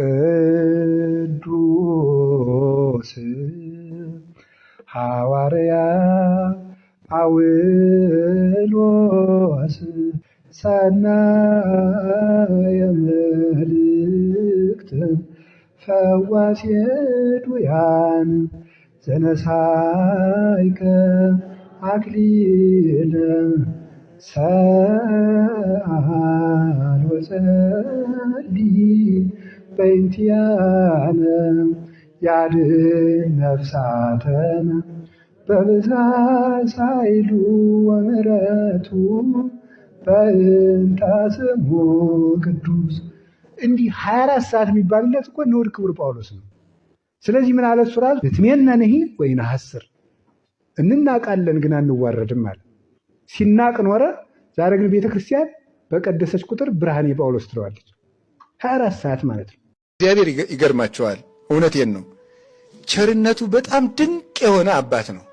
ቅዱስ ሐዋርያ ጳውሎስ ሰናየ መልእክት ፈዋሴ ዱያን ዘነሳይከ አክሊለ ሰ በእንቲያነ ያድኅን ነፍሳተነ በብዛተ ኃይሉ ወምሕረቱ በእንተ ቅዱስ። እንዲህ 24 ሰዓት የሚባልለት እኮ ንዑድ ክቡር ጳውሎስ ነው። ስለዚህ ምን አለ እሱ ራሱ እትሜነ ንሂ ወይንሐስር፣ እንናቃለን ግን አንዋረድም አለ። ሲናቅ ኖረ። ዛሬ ግን ቤተክርስቲያን በቀደሰች ቁጥር ብርሃን የጳውሎስ ትለዋለች። 24 ሰዓት ማለት ነው። እግዚአብሔር ይገርማቸዋል። እውነቴን ነው። ቸርነቱ በጣም ድንቅ የሆነ አባት ነው።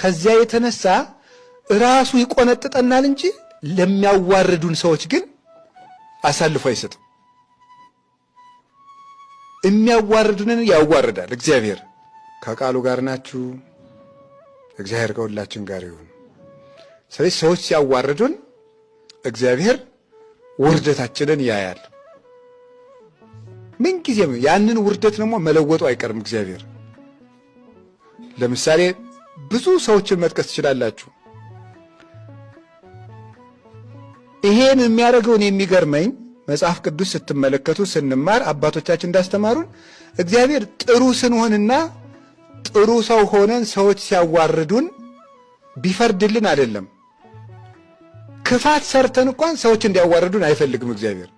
ከዚያ የተነሳ ራሱ ይቆነጥጠናል እንጂ ለሚያዋርዱን ሰዎች ግን አሳልፎ አይሰጥም። የሚያዋርዱንን ያዋርዳል። እግዚአብሔር ከቃሉ ጋር ናችሁ። እግዚአብሔር ከሁላችን ጋር ይሁን። ስለዚህ ሰዎች ሲያዋርዱን እግዚአብሔር ውርደታችንን ያያል። ምንጊዜም ያንን ውርደት ደግሞ መለወጡ አይቀርም እግዚአብሔር። ለምሳሌ ብዙ ሰዎችን መጥቀስ ትችላላችሁ። ይሄን የሚያደርገውን የሚገርመኝ መጽሐፍ ቅዱስ ስትመለከቱ ስንማር አባቶቻችን እንዳስተማሩን እግዚአብሔር ጥሩ ስንሆንና ጥሩ ሰው ሆነን ሰዎች ሲያዋርዱን ቢፈርድልን አይደለም። ክፋት ሰርተን እንኳን ሰዎች እንዲያዋርዱን አይፈልግም እግዚአብሔር።